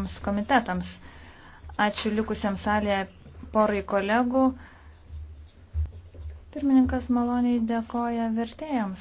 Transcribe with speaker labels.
Speaker 1: atitinkamoms komitetams. Ačiū likusiam salėje porai kolegų. Pirmininkas maloniai dėkoja vertėjams.